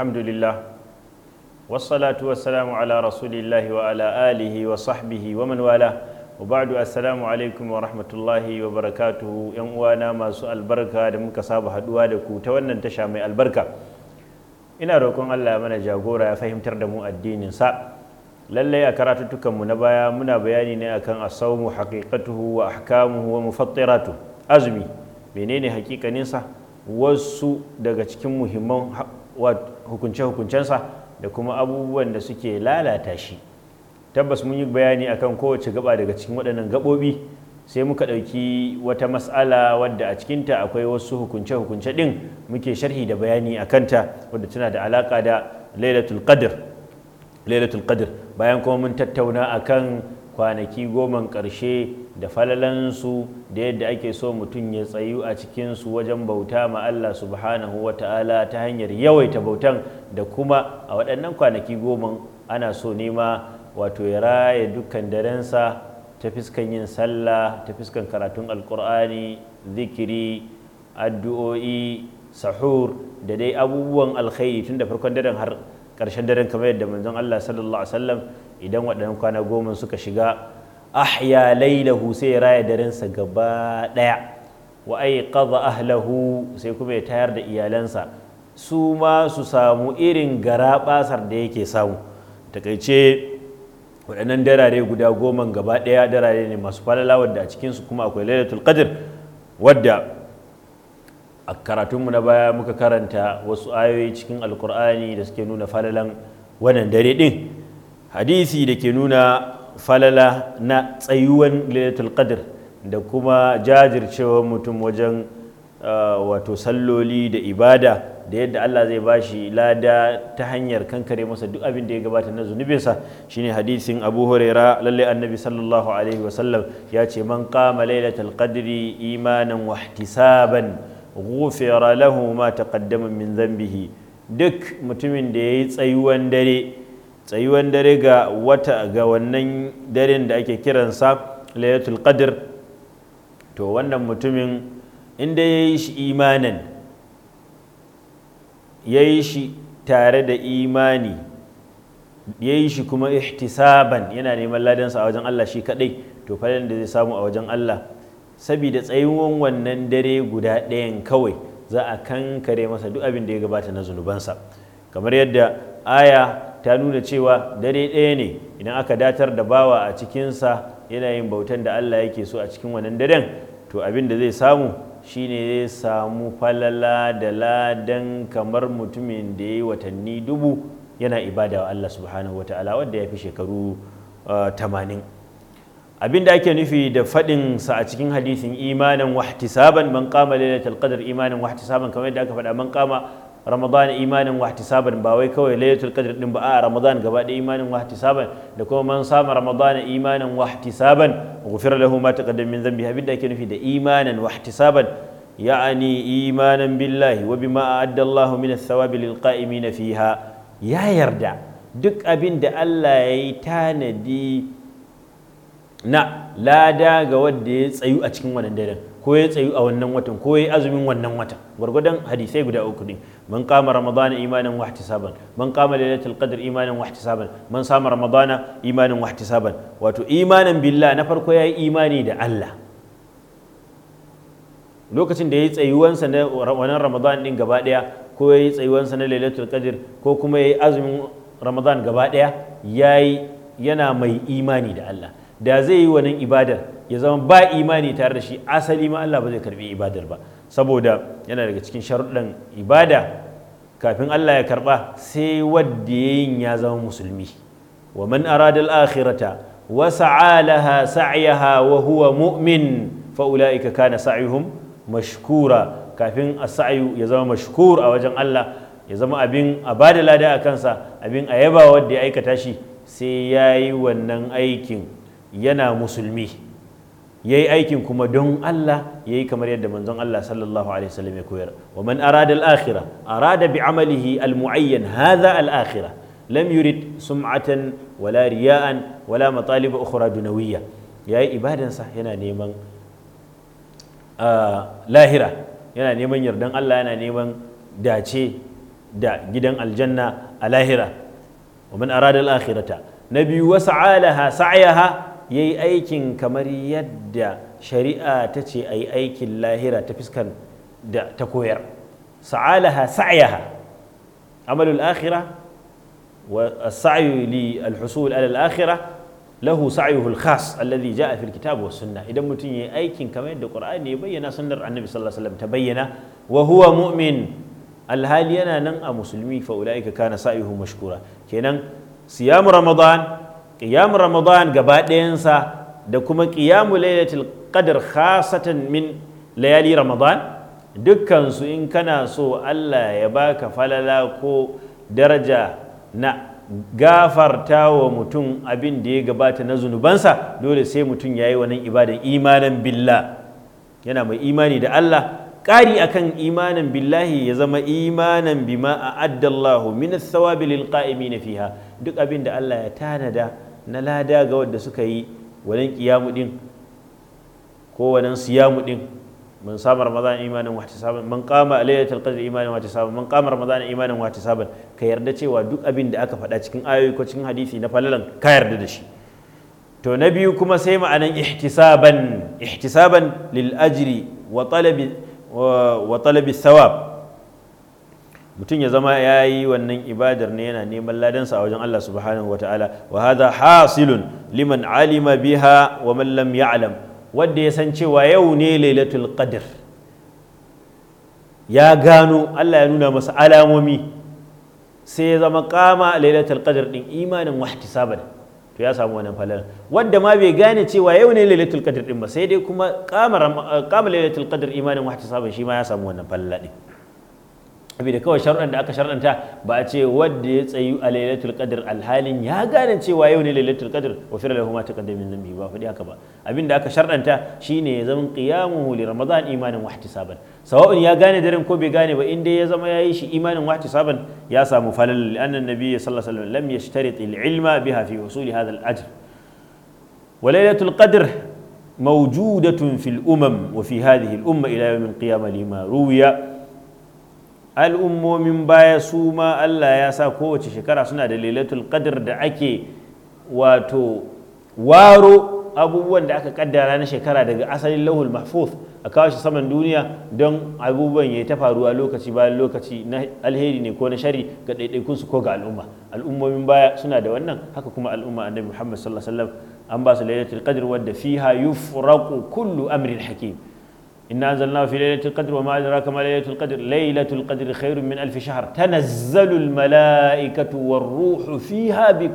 alhamdulillah wassalatu wassalamu ala rasulillah wa ala alihi wa sahbihi wa manwala wala wa ba'du assalamu alaikum wa rahmatullahi wa barakatuhu yan uwana masu albarka da muka saba haduwa da ku ta wannan tasha mai albarka ina roƙon Allah mana jagora ya fahimtar da mu addinin sa lallai a karatuttukan mu na baya muna bayani ne akan asawmu haƙiƙatuhu wa ahkamuhu wa mufattiratu azumi menene hakikaninsa wasu daga cikin muhimman hukunce-hukuncensa da kuma abubuwan da suke lalata shi tabbas mun yi bayani akan kowace gaba daga cikin waɗannan gaɓoɓi sai muka ɗauki wata mas'ala wadda a cikinta akwai wasu hukunce-hukunce ɗin muke sharhi da bayani a kanta wadda tana da alaƙa da lailatul qadr lailatul qadr bayan kuma mun tattauna akan kwanaki goman ƙarshe da falalansu da yadda ake so mutum ya tsayu a cikinsu wajen bauta ma Allah subhanahu wa ta'ala ta hanyar yawaita bautan da kuma a waɗannan kwanaki goman ana so nema wato ya raya dukkan darensa ta fiskan yin sallah ta fiskan karatun alkur'ani zikiri addu'o'i sahur da dai abubuwan alkhairi tun da farkon daren har ƙarshen daren kamar yadda manzon Allah sallallahu alaihi wasallam idan waɗannan kwana goma suka shiga ahya lailahu sai ya raya darensa gaba ɗaya wa aiqadha ahlahu sai kuma ya tayar da iyalansa su ma su samu irin gara garaɓasar da yake samu takaice waɗannan darare guda goma gaba ɗaya darare ne masu falala wadda a cikinsu kuma akwai lailatul qadr wadda a karatunmu na baya muka karanta wasu ayoyi cikin alkur'ani da suke nuna falalan wannan dare ɗin hadisi da ke nuna falala na tsayuwan lailatul qadr da kuma jajircewa mutum wajen uh, wato salloli da ibada da yadda Allah zai bashi lada ta hanyar kankare masa duk abin da ya gabata na zunubinsa shine hadisin Abu Huraira lalle Annabi sallallahu alaihi wasallam ya ce man kama lailatul qadri imanan wa ihtisaban ghufira lahu ma taqaddama min dhanbihi duk mutumin da yayi tsayuwan dare tsayuwan dare ga wata ga wannan daren da ake kiransa layatul qadr to wannan mutumin inda ya yi shi imanin ya yi shi tare da imani ya yi shi kuma ihtisaban yana neman ladansa a wajen Allah shi kadai to fadan da zai samu a wajen Allah saboda tsayuwan wannan dare guda ɗayan kawai za a kankare masa duk abin da ya gabata na zunubansa kamar yadda aya ta nuna cewa dare ɗaya ne idan aka datar da bawa a cikinsa yana yin bautan da Allah yake so a cikin wannan daren to abin da zai samu shine zai samu falala da ladan kamar mutumin da ya yi watanni dubu yana ibada wa Allah subhanahu wa ta'ala wadda ya fi shekaru uh, tamanin abin da ake nufi da faɗin sa a cikin hadisin imanin wahtisaban man qama lailatul qadr imanin wahtisaban kamar yadda aka faɗa man qama ramadan imanin wahtisaban ba wai kawai lailatul qadr din ba a ramadan gabaɗaya da imanin wahtisaban da kuma man sama ramadan imanin wahtisaban ghufira lahu ma taqaddam min dhanbi abinda nufi da imanin wahtisaban ya'ani imanan billahi wa bima a'adda Allahu min ath-thawabi lil fiha ya yarda duk abin da Allah yayi tanadi na lada ga wanda ya tsayu a cikin wannan daren ko ya tsayu a wannan watan ko ya azumin wannan watan gwargwadon hadisai guda uku ne من قام رمضان إيمانا واحتسابا من قام ليلة القدر إيمانا واحتسابا من صام رمضان إيمانا واحتسابا واتو إيمانا بالله نفرق يا إيماني دا الله lokacin da ya yi tsayuwansa na wannan ramadan din gaba daya ko ya yi tsayuwansa na lailatul qadr ko kuma ya yi azumin ramadan gaba daya yana mai imani da Allah da zai yi wannan ibadar ya zama ba imani tare da shi asali ma Allah ba zai karɓi ibadar ba saboda yana daga cikin sharuɗan ibada kafin Allah ya karba sai wadda yayin ya zama musulmi wa man arada al-akhirata wa sa'a sa'yaha wa huwa mu'min fa ulaika kana sa'yuhum mashkura kafin as-sa'yu ya zama mashkur a wajen Allah ya zama abin a da lada a kansa abin a yaba wanda ya aikata shi sai yayi wannan aikin yana musulmi ya yi aikin kuma don Allah ya yi kamar yadda manzon Allah sallallahu alaihi wasallam ya koyar wa man arada al-akhirah arada bi amalihi al-mu'ayyan hadha al-akhirah lam yurid sum'atan wala riya'an wala matalib ukhra dunawiyya yayi ibadansa yana neman lahira yana neman yardan Allah yana neman dace da gidan aljanna a lahira wa man arada al-akhirata na biyu wasa sa'yaha ya yi aikin kamar yadda shari'a ta ce a yi aikin lahira ta fiskan da ta koyar sa'alaha sa'yaha amalul akhira wa sa'yu li alhusul ala akhira lahu sa'yuhu al-khas alladhi ja'a fil kitab was sunnah idan mutum yayi aikin kamar yadda qur'ani ya bayyana sunnar annabi sallallahu alaihi wasallam ta bayyana wa huwa mu'min alhali yana nan a musulmi fa ulaika kana sa'yuhu mashkura kenan siyam ramadan ƙiyamun ramadan gaba ɗayansa da kuma qiyamu lailatul ƙadar khasatan min layali ramadan dukkansu in kana so Allah ya baka falala ko daraja na gafarta wa mutum abin da ya gabata na zunubansa dole sai mutum ya yi wani ibadan imanan billa yana mai imani da Allah ƙari akan imanin billahi ya zama imanin bima a addallahu min thawabi lil qa'imin fiha duk abin da Allah ya tanada na lada ga wadda suka yi wadan kiyamu din ko wadan siyamu din من صام رمضان ايمانا واحتسابا من قام ليله القدر ايمانا واحتسابا من قام رمضان ايمانا واحتسابا ka yarda cewa duk abin da aka fada cikin ayoyi ko cikin hadisi na falalan ka yarda da shi to na biyu kuma sai ma'anan ihtisaban ihtisaban lil ajri wa mutum ya zama ya yi wannan ibadar ne yana neman ladansa a wajen Allah subhanahu wa ta'ala wa hadha hasilun liman alima biha wa man lam ya'lam wanda ya san cewa yau ne lailatul qadr ya gano Allah ya nuna masa alamomi sai ya zama kama lailatul qadr din imanin wahtisaban to ya samu wannan falala wanda ma bai gane cewa yau ne lailatul qadr din ba sai dai kuma kama kama lailatul qadr imanin wahtisaban shi ma ya samu wannan falala din da kawai sharuɗan da aka sharuɗanta ba a ce wanda ya tsayu a lailatul qadr alhalin ya gane cewa yau ne lailatul qadr wa fir lahu ma taqaddama min dhanbi ba fadi haka ba abin da aka sharuɗanta shine ya zama qiyamuhu li ramadan imanan wa ihtisaban sawa'un ya gane daren ko bai gane ba in dai ya zama yayi shi imanin wa ihtisaban ya samu falal li anna nabiyyi sallallahu alaihi wasallam lam yashtarit al ilma biha fi usuli hadha al ajr wa lailatul qadr موجودة في الأمم وفي هذه الأمة إلى يوم القيامة لما روي al'ummomin baya su ma Allah ya sa kowace shekara suna da lailatul qadr da ake wato waro abubuwan da aka kaddara na shekara daga asalin lahul mahfuz a kawo shi saman duniya don abubuwan ya ta faruwa lokaci bayan lokaci na alheri ne ko na shari ga ɗaiɗaikun su ko ga al'umma al'ummomin baya suna da wannan haka kuma al'umma annabi Muhammad sallallahu alaihi wasallam an ba su lailatul qadr wadda fiha yufraqu kullu amrin hakim inna anzalnahu fi lailatul qadr wa ma adraka ma lailatul qadr lailatul qadr khairun min alf shahr tanazzalu al malaikatu war ruhu fiha bi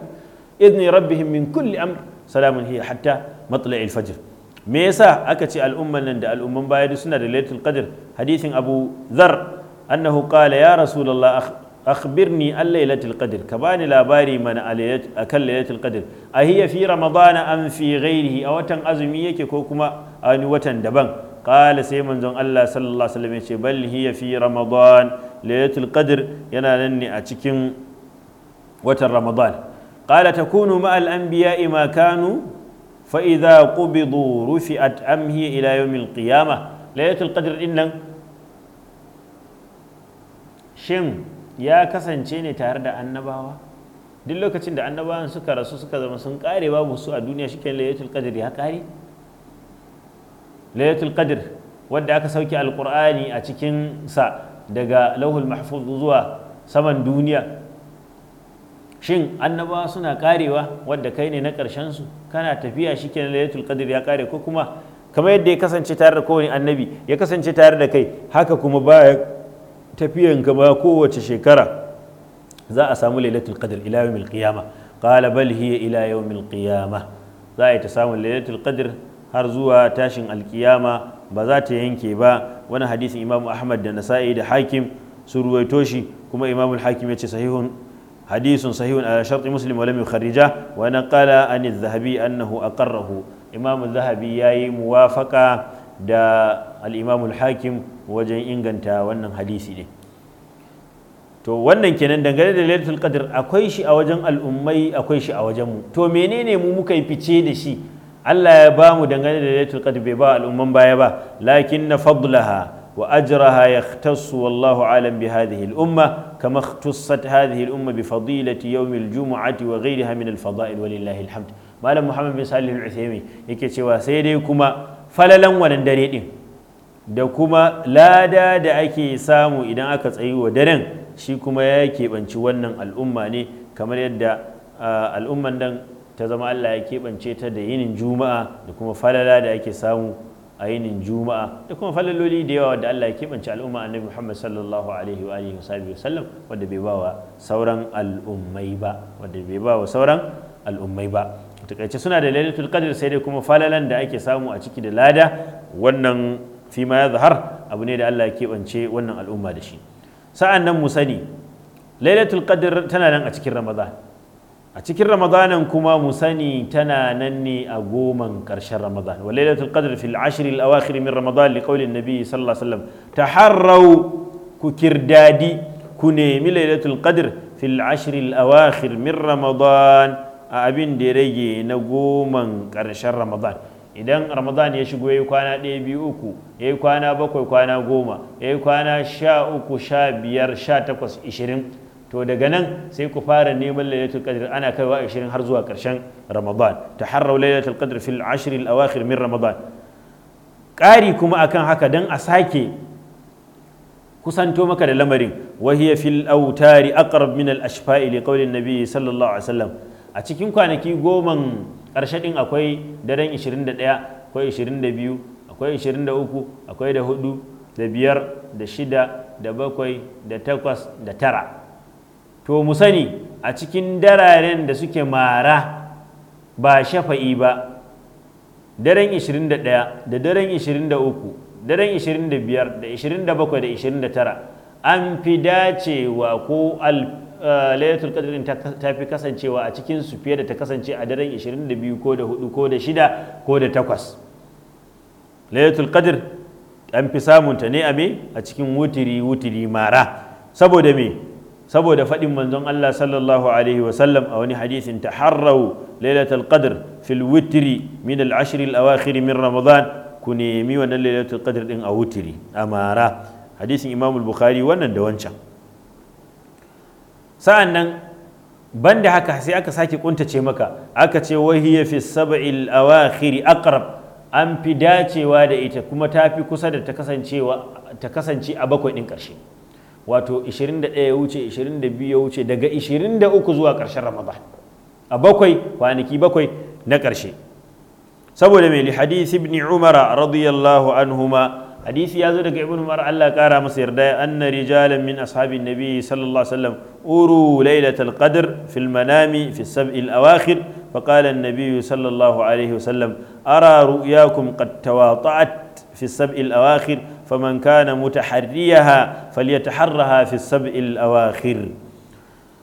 idni rabbihim min kulli amr salamun hiya hatta matla'il fajr me yasa aka ce al'umman nan da al'umman baya duk suna da lailatul qadr hadisin abuzar annahu qala ya rasulullah akhbirni an lailatul qadr ka bani labari mana akan lailatul qadr a hiya fi bana an fi ghairihi a watan azumi yake ko kuma a wani watan daban qala sai manzon Allah sallallahu alaihi ce bal hiya yana nan ne a cikin watan ramadan qala takunu ma al anbiya'i ma kanu rufi idza qubidu rufi'at amhi ila din nan shin ya kasance ne tare da annabawa duk lokacin da annabawan suka rasu suka zama sun kare babu su a duniya shi ke layatul qadr ya kare lailatul qadr wadda aka sauke alqur'ani a cikin sa daga lauhul mahfuz zuwa saman duniya shin annabawa suna karewa wadda kai ne na ƙarshen su kana tafiya shikenan layatul qadr ya kare ko kuma kamar yadda ya kasance tare da kowane annabi ya kasance tare da kai haka kuma baya tafiyan gaba kowace shekara za a samu lailatul qadr ila yawmil qiyamah qala bal hiya ila yawmil za a yi ta samun lailatul qadr har zuwa tashin alkiyama ba za ta yanke ba wani hadisin imam ahmad da nasa'i da hakim sun ruwaito shi kuma imam hakim ya ce sahihun hadisun sahihun a sharti muslim walam yukharrija wa na qala an zahabi annahu aqarrahu imamu zahabi yayi muwafaqa da al-imamu hakim wajen inganta wannan hadisi ne to wannan kenan dangane da lailatul qadr akwai shi a wajen al'ummai akwai shi a wajen mu to menene mu muka yi fice da shi Allah ya ba mu dangane da lailatul qadr bai ba al'umman baya ba lakin na fadlaha wa ajraha yahtassu wallahu alam bi hadhihi al'umma kama ikhtassat hadhihi al'umma bi fadilati yawm al-jum'ati wa ghayriha min al-fada'il walillahi alhamd malam muhammad bin salih al-uthaymeen yake cewa sai dai kuma falalan wannan dare din da kuma lada da ake samu idan aka tsayi wa daren shi kuma ya keɓanci wannan al'umma ne kamar yadda ah, al'umman nan ta zama Allah ya keɓance ta da yinin juma'a da kuma falala da ake samu a yinin juma'a da kuma falaloli da yawa da Allah ya keɓance al'umma annabi Muhammad sallallahu alaihi wa alihi wa wanda bai bawa sauran al'ummai ba wanda bai bawa sauran al'ummai ba takaice suna da lailatul qadr sai dai kuma falalan da ake samu a ciki da lada wannan fi ma ya zahar abu ne da Allah ya keɓance wannan al'umma da shi sa'an nan mu sani lailatul qadr tana nan a cikin ramadan a cikin ramadanan kuma mu sani tana nan ne a goman ƙarshen ramadan wa lailatul qadr fil ashr al awakhir min ramadan li qawli nabi sallallahu alaihi wasallam taharrau ku kirdadi ku nemi lailatul qadr fil ashr al awakhir min ramadan a abin da ya rage na goman ƙarshen ramadan idan ramadan ya shigo ya yi kwana ɗaya biyu uku ya yi kwana bakwai kwana goma ya yi kwana sha uku sha biyar sha takwas ishirin to daga nan sai ku fara neman lailatul qadr ana kaiwa 20 har zuwa karshen ramadan taharraw lailatul qadr fil ashr al awakhir min ramadan ƙari kuma akan haka dan a sake kusanto maka da lamarin wahiya fil autari aqrab min al ashfa'i li qawli nabi sallallahu alaihi wasallam a cikin kwanaki goman ƙarshe din akwai daren 21 akwai 22 akwai 23 akwai da 4 da 5 da 6 da 7 da 8 da 9 to mu sani a cikin dararen da suke mara ba shafa'i ba daren 21 da daren 23 daren 25 da 27 da 29 an fi dacewa ko eh, lailatul qadrin ta fi kasancewa a cikin su fiye da ta kasance a daren 22 ko da 4 ko da 6 ko da 8 lailatul qadr an fi samunta ne a me a cikin wutiri wutiri mara saboda me saboda faɗin manzon Allah sallallahu alaihi wasallam a wani hadisin taharrau lailatul qadr fil witri min al ashr al awakhir min ramadan ku nemi wannan lailatul qadr din a witri amara hadisin imamul bukhari wannan da wancan sa'an nan banda haka sai aka sake kuntace maka aka ce wahiya fi sab'il awakhir aqrab an fi dacewa da ita kuma ta fi kusa da ta kasance a bakwai din ƙarshe wato 21 ya wuce 22 ya wuce daga 23 zuwa ƙarshen ramadan a bakwai kwanaki bakwai na ƙarshe saboda mai hadith ibn umara radiyallahu anhuma hadisi ya zo daga ibn umar Allah kara masa yarda anna rijalan min ashabin nabi sallallahu alaihi wasallam uru lailatul qadr fil manami fi sab'il awakhir فقال النبي صلى الله عليه وسلم أرى رؤياكم قد تواطأت في السبع الأواخر فمن كان متحريها فليتحرها في السبع الأواخر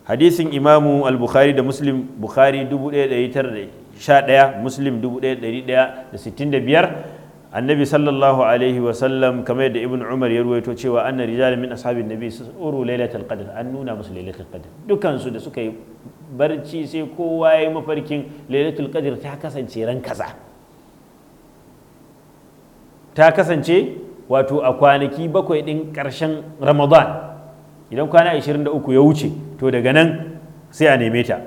حديث إمام البخاري ده مسلم بخاري دبو شاء مسلم دبو ستين بيار annabi sallallahu alaihi wasallam kamar da ibn umar ya ruwaito cewa anna rijalin min ashabin nabi uru lailatul qadr an nuna musu lailatul qadr dukan da suka yi barci sai kowa ya mafarkin lailatul ta kasance ran kaza ta kasance wato a kwanaki bakwai ɗin ƙarshen ramadan idan kwana 23 ya wuce to daga nan sai a neme ta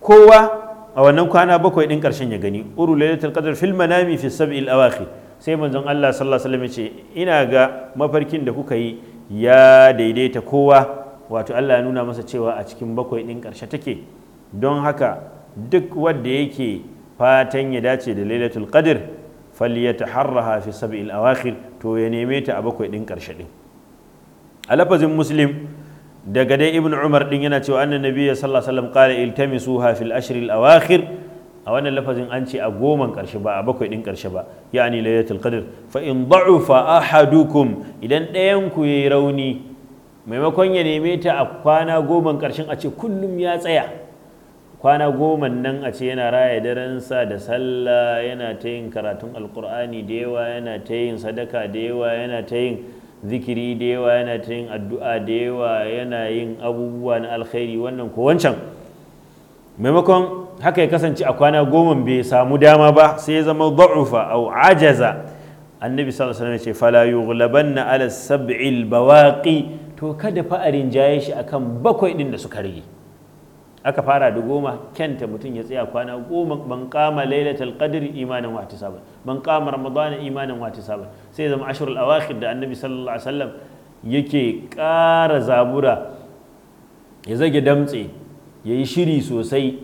kowa a wannan kwana bakwai ɗin ƙarshen ya gani uru lailatul qadr fil manami fi sab'il awakhir sai manzon Allah sallallahu alaihi wasallam ya ce ina ga mafarkin da kuka yi ya daidaita kowa wato Allah ya nuna masa cewa a cikin bakwai ɗin ƙarshe take don haka duk wanda yake fatan ya dace da lailatul qadr falyataharraha fi sab'il awakhir to ya neme ta a bakwai din karshe din a lafazin muslim daga dai ibn umar din yana cewa annan nabiyya sallallahu alaihi wasallam qala iltamisuha fil ashr al awakhir a wannan lafazin an ce a goman karshe ba a bakwai din karshe ba yani laylatul qadr fa in da'ufa ahadukum idan ɗayan ku yayi rauni maimakon ya neme ta a kwana goman karshen a ce kullum ya tsaya kwana goma nan a ce yana raya darensa da sallah yana ta yin karatun alkur'ani da yawa yana ta yin sadaka da yawa yana ta yin zikiri da yawa yana ta yin addu'a da yawa yana yin abubuwa na alkhairi wannan ko wancan maimakon haka ya kasance a kwana goma bai samu dama ba sai ya zama da'ufa au ajaza annabi sallallahu alaihi wasallam ya ce fala yughlabanna ala sab'il bawaqi to kada fa a shi akan bakwai din da suka rage aka fara da goma kyanta mutum ya tsaya kwana goma ban kama lailatul qadr imanin wa ihtisaban ban kama ramadan imanin wa ihtisaban sai zama ashrul awakhir da annabi sallallahu alaihi wasallam yake ƙara zabura ya zage damtse ya yi shiri sosai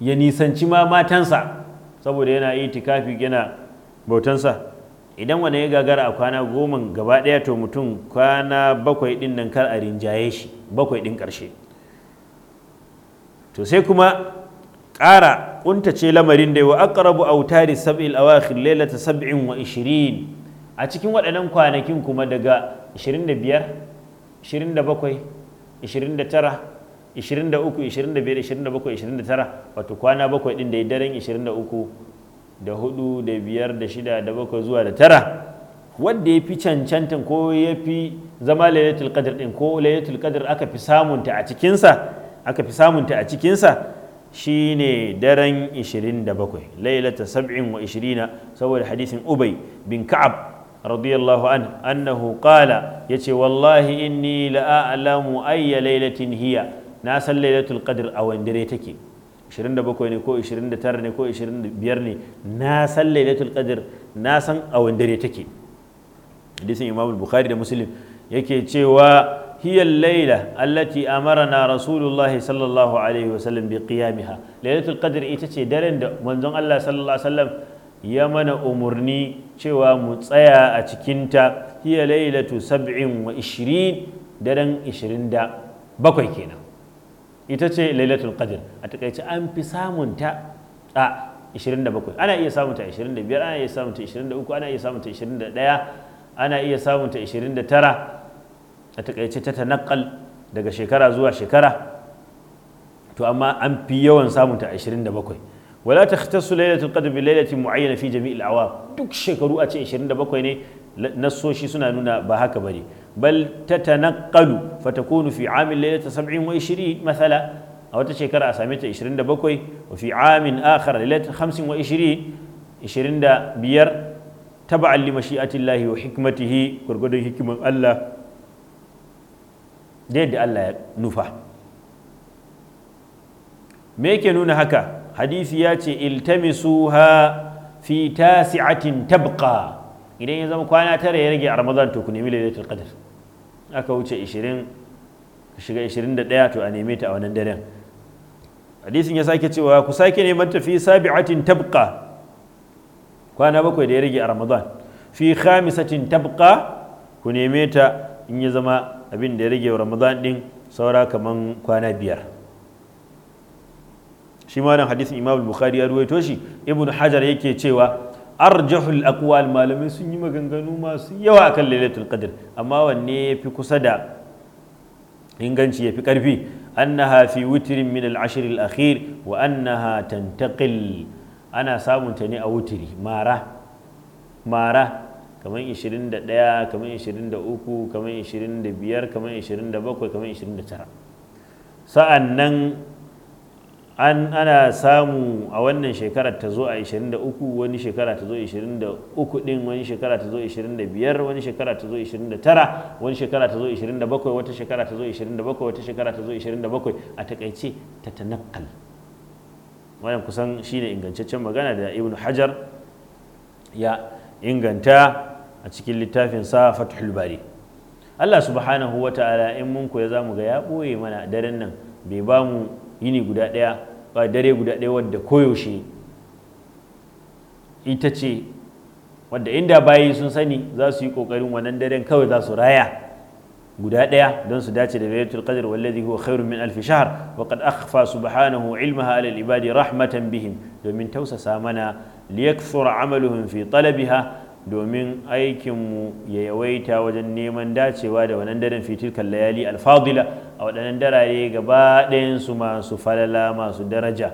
ya nisanci ma matansa saboda yana itikafi yana bautansa idan wani ya gagara a kwana goma gaba ɗaya to mutum kwana bakwai ɗin nan kar a rinjaye shi bakwai ɗin karshe. to sai kuma ƙara ƙuntace lamarin da wa aqrabu autari sab'il awakhir lalata sab'in wa ishirin a cikin waɗannan kwanakin kuma daga 25 27 29 23 25 27 29 wato kwana bakwai din da ya daren 23 da 4 da 5 da 6 da 7 zuwa da 9 wanda ya fi cancantan ko ya fi zama lailatul qadr din ko lailatul qadr aka fi samunta a cikinsa aka fi samunta a cikinsa Shi ne daren 27 lailata 27 saboda hadisin ubay bin ka'ab radiyallahu an annahu qala yace wallahi inni la a'lamu ayya lailatin hiya na san lailatul qadr a wandire take 27 ne ko 29 ne ko 25 ne na san lailatul qadr na san a wandire take hadisin imam bukhari da muslim yake cewa هي الليلة التي أمرنا رسول الله صلى الله عليه وسلم بقيامها ليلة القدر إتتي دارن منزون الله صلى الله عليه وسلم يمن أمرني شوى متسايا أتكنت هي ليلة سبع وعشرين دارن إشرين دا بكوي كينا إتتي ليلة القدر أتكيت أم بسامن تا آه إشرين دا بكوي أنا إيه سامن تا إشرين دا بير أنا إيه سامن تا إشرين دا أنا إيه سامن تا إشرين دا أنا إيه سامن تا إشرين دا ترى a takaice ta tanakal daga shekara zuwa shekara to amma an fi yawan samunta 27 wala su lailatul qadr bi lailatin muayyana fi jami'il awam duk shekaru a ce 27 ne nassoshi suna nuna ba haka bane bal ta tatanaqalu fatakunu fi amin wa 27 mathala a wata shekara a same ta 27 wa fi amin akhar lailata 25 25 taba'an li mashi'atillahi wa hikmatihi gurgudun hikiman Allah da yadda Allah ya nufa me yake nuna haka hadisi ya ce ha fi tasi'atin tabqa idan ya zama kwana tara ya rage a ramadan to ku nemi lailatul qadr aka wuce 20 shiga 21 to a neme ta a wannan daren hadisin ya sake cewa ku sake neman ta fi sabi'atin tabqa kwana bakwai da ya rage a ramadan fi khamisatin tabqa ku neme ta in ya zama abin da ya rage ramadan din saura kamar kwana biyar shi ma hadisin imam bukhari ya ruwaito shi ibn hajar yake cewa arjahul aqwal malamai sun yi maganganu masu yawa akan lailatul qadr amma wanne yafi kusa da inganci yafi karfi annaha fi witrin min al-ashr al-akhir wa annaha tantaqil ana samun ta ne a wutiri mara mara kamar 21 kamar 23 kamar 25 kamar 27 kamar 29 sa'an nan an ana samu a wannan shekarar ta zo a 23 wani shekara ta zo 23 din wani shekara ta zo 25 wani shekara ta zo 29 wani shekara ta zo 27 wata shekara ta zo 27 wata shekara ta zo 27 a takaice ta tanakkal wannan kusan shine ingantaccen magana da ibnu hajar ya inganta a cikin littafin sa fatuhul bari Allah subhanahu wa ta'ala in mun koya za mu ga ya ɓoye mana daren nan bai ba mu yini guda daya ba dare guda daya wadda koyaushe ita ce wadda inda bayi sun sani za su yi ƙoƙarin wannan daren kawai za su raya guda ɗaya don su dace da lailatul qadr wallazi huwa khairun min alf shahr wa qad akhfa subhanahu ilmaha ala al ibadi rahmatan bihim domin tausasa mana liyakthur amaluhum fi talabiha domin aikinmu ya yawaita wajen neman dacewa da wannan daren fitil layali alfadila a waɗannan darare gaba ɗayansu masu falala masu daraja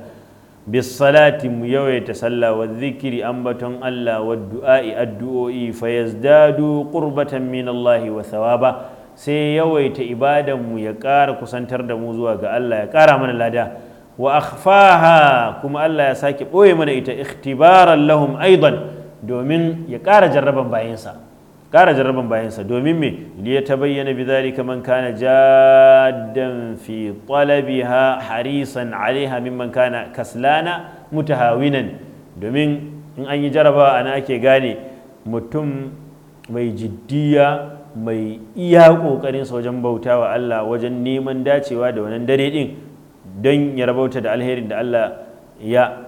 salati mu yawaita sallah wa zikiri ambaton Allah wa du'a'i addu'o'i fa yazdadu qurbatan min Allah wa thawaba sai yawaita ibadan mu ya ƙara kusantar da mu zuwa ga Allah ya ƙara mana lada wa akhfaha kuma Allah ya sake ɓoye mana ita ikhtibaran lahum aidan domin ya ƙara jarraban bayansa ƙara jarraban bayansa domin me li ya tabayyana bi zalika man kana jaddan fi talabiha harisan alaiha mimman kana kaslana mutahawinan domin in an yi jaraba ana ake gane mutum mai jiddiya mai iya ƙoƙarin wajen bauta wa Allah wajen neman dacewa da wannan dare din don ya rabauta da alherin da Allah ya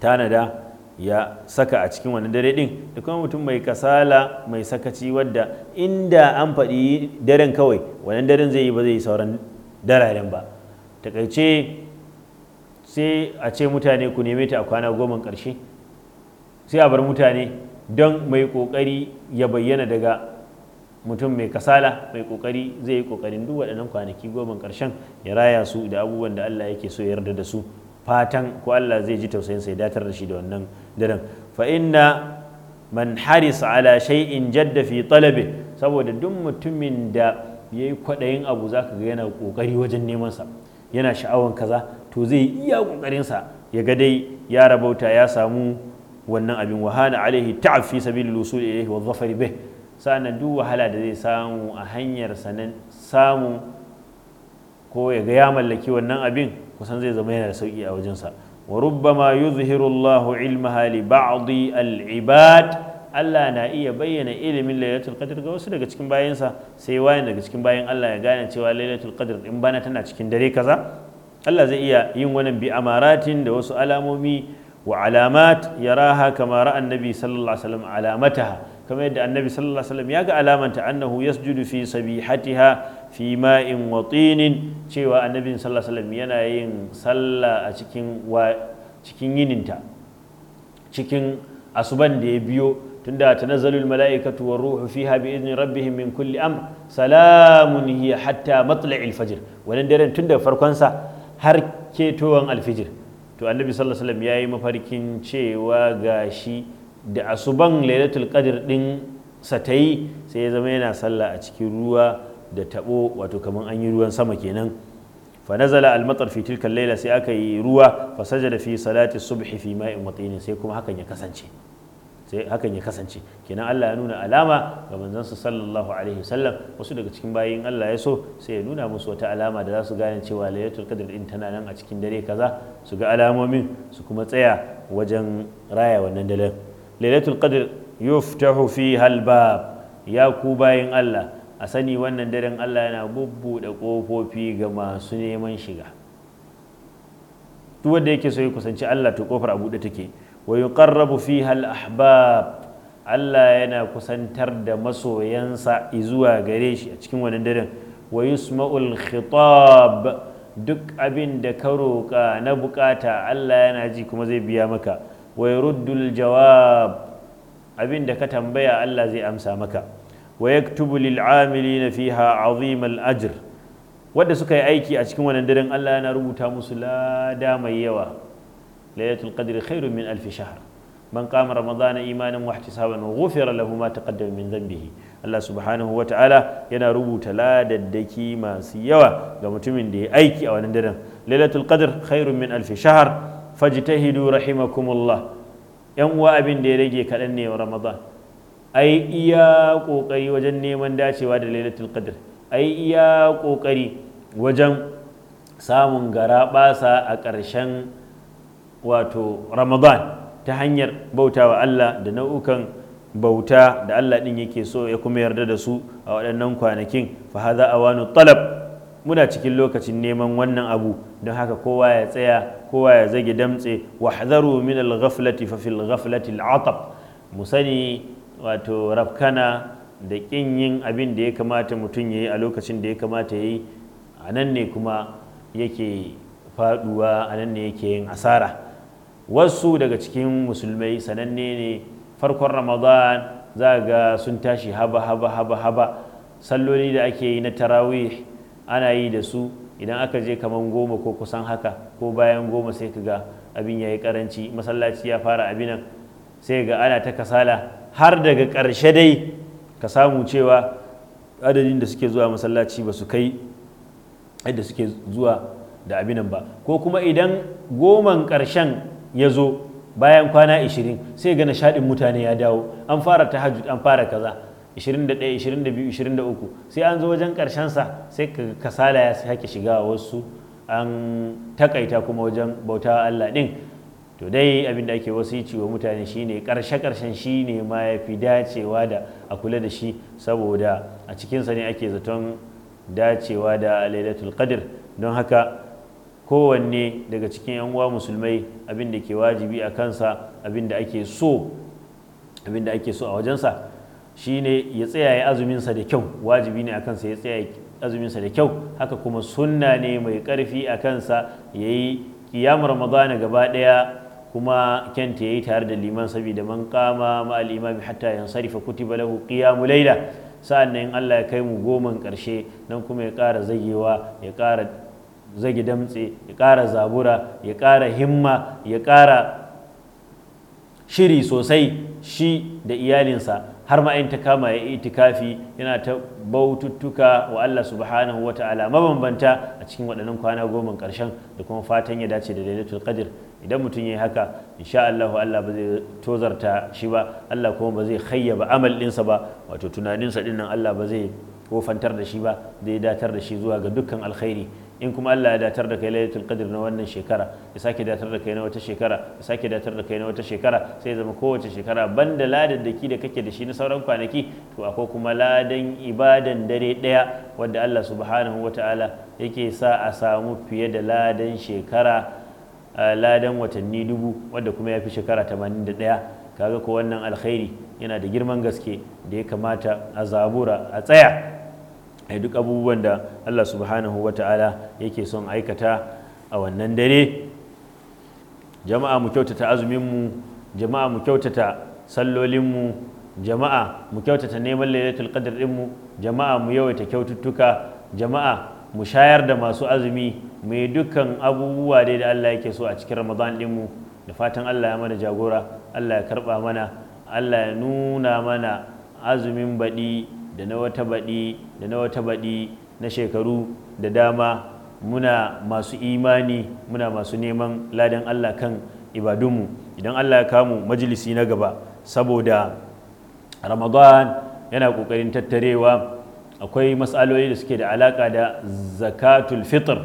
tanada ya saka a cikin wani dare din da kuma mutum mai kasala mai sakaci wadda inda an faɗi daren kawai wani daren zai yi ba zai yi sauran dararen ba takaice sai a ce mutane ku nemi ta a kwana goma ƙarshe sai a bar mutane don mai ƙoƙari ya bayyana daga mutum mai kasala mai ƙoƙari zai yi ƙoƙarin duk waɗannan kwanaki goma ƙarshen ya raya su da abubuwan da Allah yake so ya yarda da su fatan ko Allah zai ji tausayin sai datar da shi da wannan daren fa inna man haris ala shay'in jadda fi talabi saboda duk mutumin da yayi kwaɗayin abu zaka ga yana kokari wajen neman sa yana sha'awan kaza to zai yi iya kokarin sa ya ga dai ya rabauta ya samu wannan abin wahana alaihi ta'fi fi lusul ilayhi wa dhafari bih sa'annan duk wahala da zai samu a hanyar sanan samu ko ya ga ya mallaki wannan abin kusan zai zama yana da sauki a wajen sa. وربما يظهر الله علمها لبعض العباد Allah na iya bayyana ilimin lailatul qadr ga wasu daga cikin bayansa sai wayan daga cikin bayan Allah ya gane cewa lailatul qadr din bana tana cikin dare kaza Allah zai iya yin wannan bi amaratin da wasu alamomi wa alamat yaraha kama ra'a annabi sallallahu alaihi wasallam alamataha kamar yadda annabi sallallahu alaihi wasallam ya ga alamanta annahu yasjudu fi sabihatiha fi ma'in wa cewa annabin sallallahu yana yin sallah a cikin yininta cikin asuban da ya biyo tunda tanazzalul mala'ikatu war ruhu fiha bi idni rabbihim min kulli amr salamun hiya hatta matla'il fajr wannan daren tun farkon sa har ketowan alfijir to annabi sallallahu alaihi wasallam yayi mafarkin cewa gashi da asuban lailatul qadr din sa tayi sai ya zama yana sallah a cikin ruwa da tabo wato kamar an yi ruwan sama kenan fa nazala al matar fi layla sai aka yi ruwa fa sajada fi salati subhi fi ma'in matin sai kuma hakan ya kasance sai hakan ya kasance kenan Allah ya nuna alama ga manzansa sallallahu alaihi wasallam wasu daga cikin bayin Allah ya so sai ya nuna musu wata alama da za su gane cewa lailatul qadr din tana nan a cikin dare kaza su ga alamomin su kuma tsaya wajen raya wannan dare lailatul qadr yuftahu fiha albab ya ku bayin Allah a sani wannan daren Allah yana bubbuɗe ƙofofi ga masu neman shiga duk wanda yake so ya kusanci Allah to kofar a buɗe take wa yuqarrabu fiha al-ahbab Allah yana kusantar da masoyansa zuwa gare shi a cikin wannan daren wa yusma'ul khitab duk abin da ka roƙa na bukata Allah yana ji kuma zai biya maka wa yuruddul jawab abin da ka tambaya Allah zai amsa maka wa yaktubu lil amilina fiha azim wanda suka yi aiki a cikin wannan daren Allah yana rubuta musu lada mai yawa laylatul qadri khairun min alf shahr man qama ramadana imanan wa ihtisaban ghufira lahu ma taqaddama min dhanbihi Allah subhanahu wa ta'ala yana rubuta ladaddaki masu yawa ga mutumin da ya aiki a wannan daren lailatul qadr khairun min alf shahr fajtahidu rahimakumullah yan uwa abin da ya rage kaɗan ne ramadan ai iya kokari wajen neman dacewa da lailatul qadr ai iya kokari wajen samun gara basa a ƙarshen wato ramadan ta hanyar bauta wa Allah da nau'ukan bauta da Allah din yake so ya kuma yarda da su a waɗannan kwanakin fa hadha awanu talab muna cikin lokacin neman wannan abu don haka kowa ya tsaya kowa ya zage damtse wahzaru min al-ghaflati fa fil ghaflati al-atab mu sani wato rafkana da ƙin yin abin da ya kamata mutum ya yi a lokacin da ya kamata ya yi a nan ne kuma yake faduwa a nan ne yake yin asara wasu daga cikin musulmai sananne ne farkon ramadan za ga sun tashi haba haba haba haba salloli da ake yi na tarawih ana yi da su idan aka je kamar goma ko kusan haka ko bayan goma sai ka ga abin ya yi karanci masallaci ya fara abinan sai ga ana ta kasala har daga ƙarshe dai ka samu cewa adadin da suke zuwa masallaci ba su kai yadda suke zuwa da abinan ba ko kuma idan goman ƙarshen ya zo bayan kwana 20 sai gana shaɗin mutane ya dawo an fara tahajjud an fara kaza 21 22 23 sai an zo wajen sa sai kasala ya sake shiga wasu an takaita kuma wajen bauta Allah din. to dai abinda da ake yi wa mutane shine karshe karshen shine ma ya fi dacewa da a kula da shi saboda a cikinsa ne ake zaton dacewa da lailatul qadr don haka kowanne daga cikin yan uwa musulmai abin da ke wajibi a kansa abin ake so a wajensa shine ya tsaya ya azuminsa da kyau wajibi ne a kansa ya tsaya azuminsa da kyau haka kuma sunna ne mai karfi a kansa ya yi kiyam ramadana gaba ɗaya kuma kenta yi tare da liman saboda man kama ma imami hatta yansarifa kutiba lahu qiyamu layla sa'an nan Allah ya kai mu goman karshe nan kuma ya ƙara zagewa ya ƙara zage damtse ya ƙara zabura ya ƙara himma ya ƙara shiri sosai shi da iyalinsa har ma ta kama ya itikafi yana ta baututtuka wa Allah subhanahu wa ta'ala mabambanta a cikin waɗannan kwana goma ƙarshen da kuma fatan ya dace da lailatul qadr idan mutum ya yi haka insha Allah Allah ba zai tozarta shi ba Allah kuma ba zai hayyaba amal ɗinsa ba wato tunaninsa ɗin nan Allah ba zai wofantar da shi ba zai datar da shi zuwa ga dukkan alkhairi in kuma Allah ya datar da kai lailatul qadr na wannan shekara ya sake datar da kai na wata shekara ya sake datar da kai na wata shekara sai zama kowace shekara banda ladan da ki da kake da shi na sauran kwanaki to akwai kuma ladan ibadan dare daya wanda Allah subhanahu wataala yake sa a samu fiye da ladan shekara ladan watanni dubu wadda kuma ya fi shekara ɗaya kaga ko wannan alkhairi yana da girman gaske da ya kamata a zabura a tsaya a duk abubuwan da Allah subhanahu wa ta'ala yake son aikata a wannan dare jama'a mu kyautata azuminmu jama'a mu kyautata sallolinmu jama'a mu kyautata neman lailatul qadr dinmu jama'a mu yawaita kyaututtuka jama'a mu shayar da masu azumi mai dukkan abubuwa dai da Allah yake so a cikin Ramadan ɗinmu da fatan Allah ya mana jagora Allah ya karba mana Allah ya nuna mana azumin baɗi da na wata baɗi da na wata baɗi na shekaru da dama muna masu imani muna masu neman ladan Allah kan ibadunmu idan Allah ya kamu majalisi na gaba saboda Ramadan yana ƙoƙarin tattarewa akwai matsaloli da suke da alaka da zakatul fitr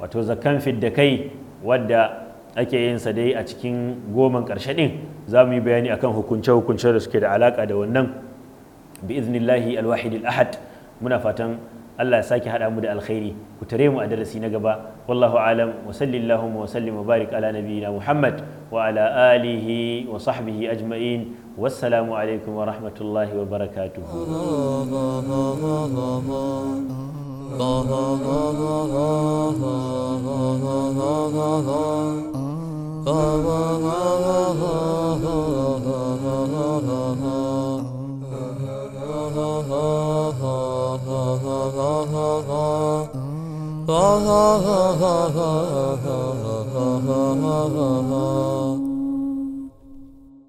wato zakan fidda kai wadda ake yin sa dai a cikin goman ƙarshe ɗin za mu yi bayani akan hukunce-hukunce da suke da alaka da wannan bi iznillahi alwahid ahad muna fatan الله الله كتريم أدرسي والله وسلم وبارك على نبينا محمد وعلى آله وصحبه أجمعين والسلام عليكم ورحمة وبركاته Allah ya sake haɗa mu da alkhairi ku tare mu a darasi na gaba wallahu alam wa sallallahu wa sallim wa barik ala nabiyina Muhammad wa ala alihi wa sahbihi ajma'in wassalamu alaikum wa rahmatullahi wa barakatuhu Oh, oh, oh, oh, oh, oh, oh, oh, oh. ha ha ha ha ha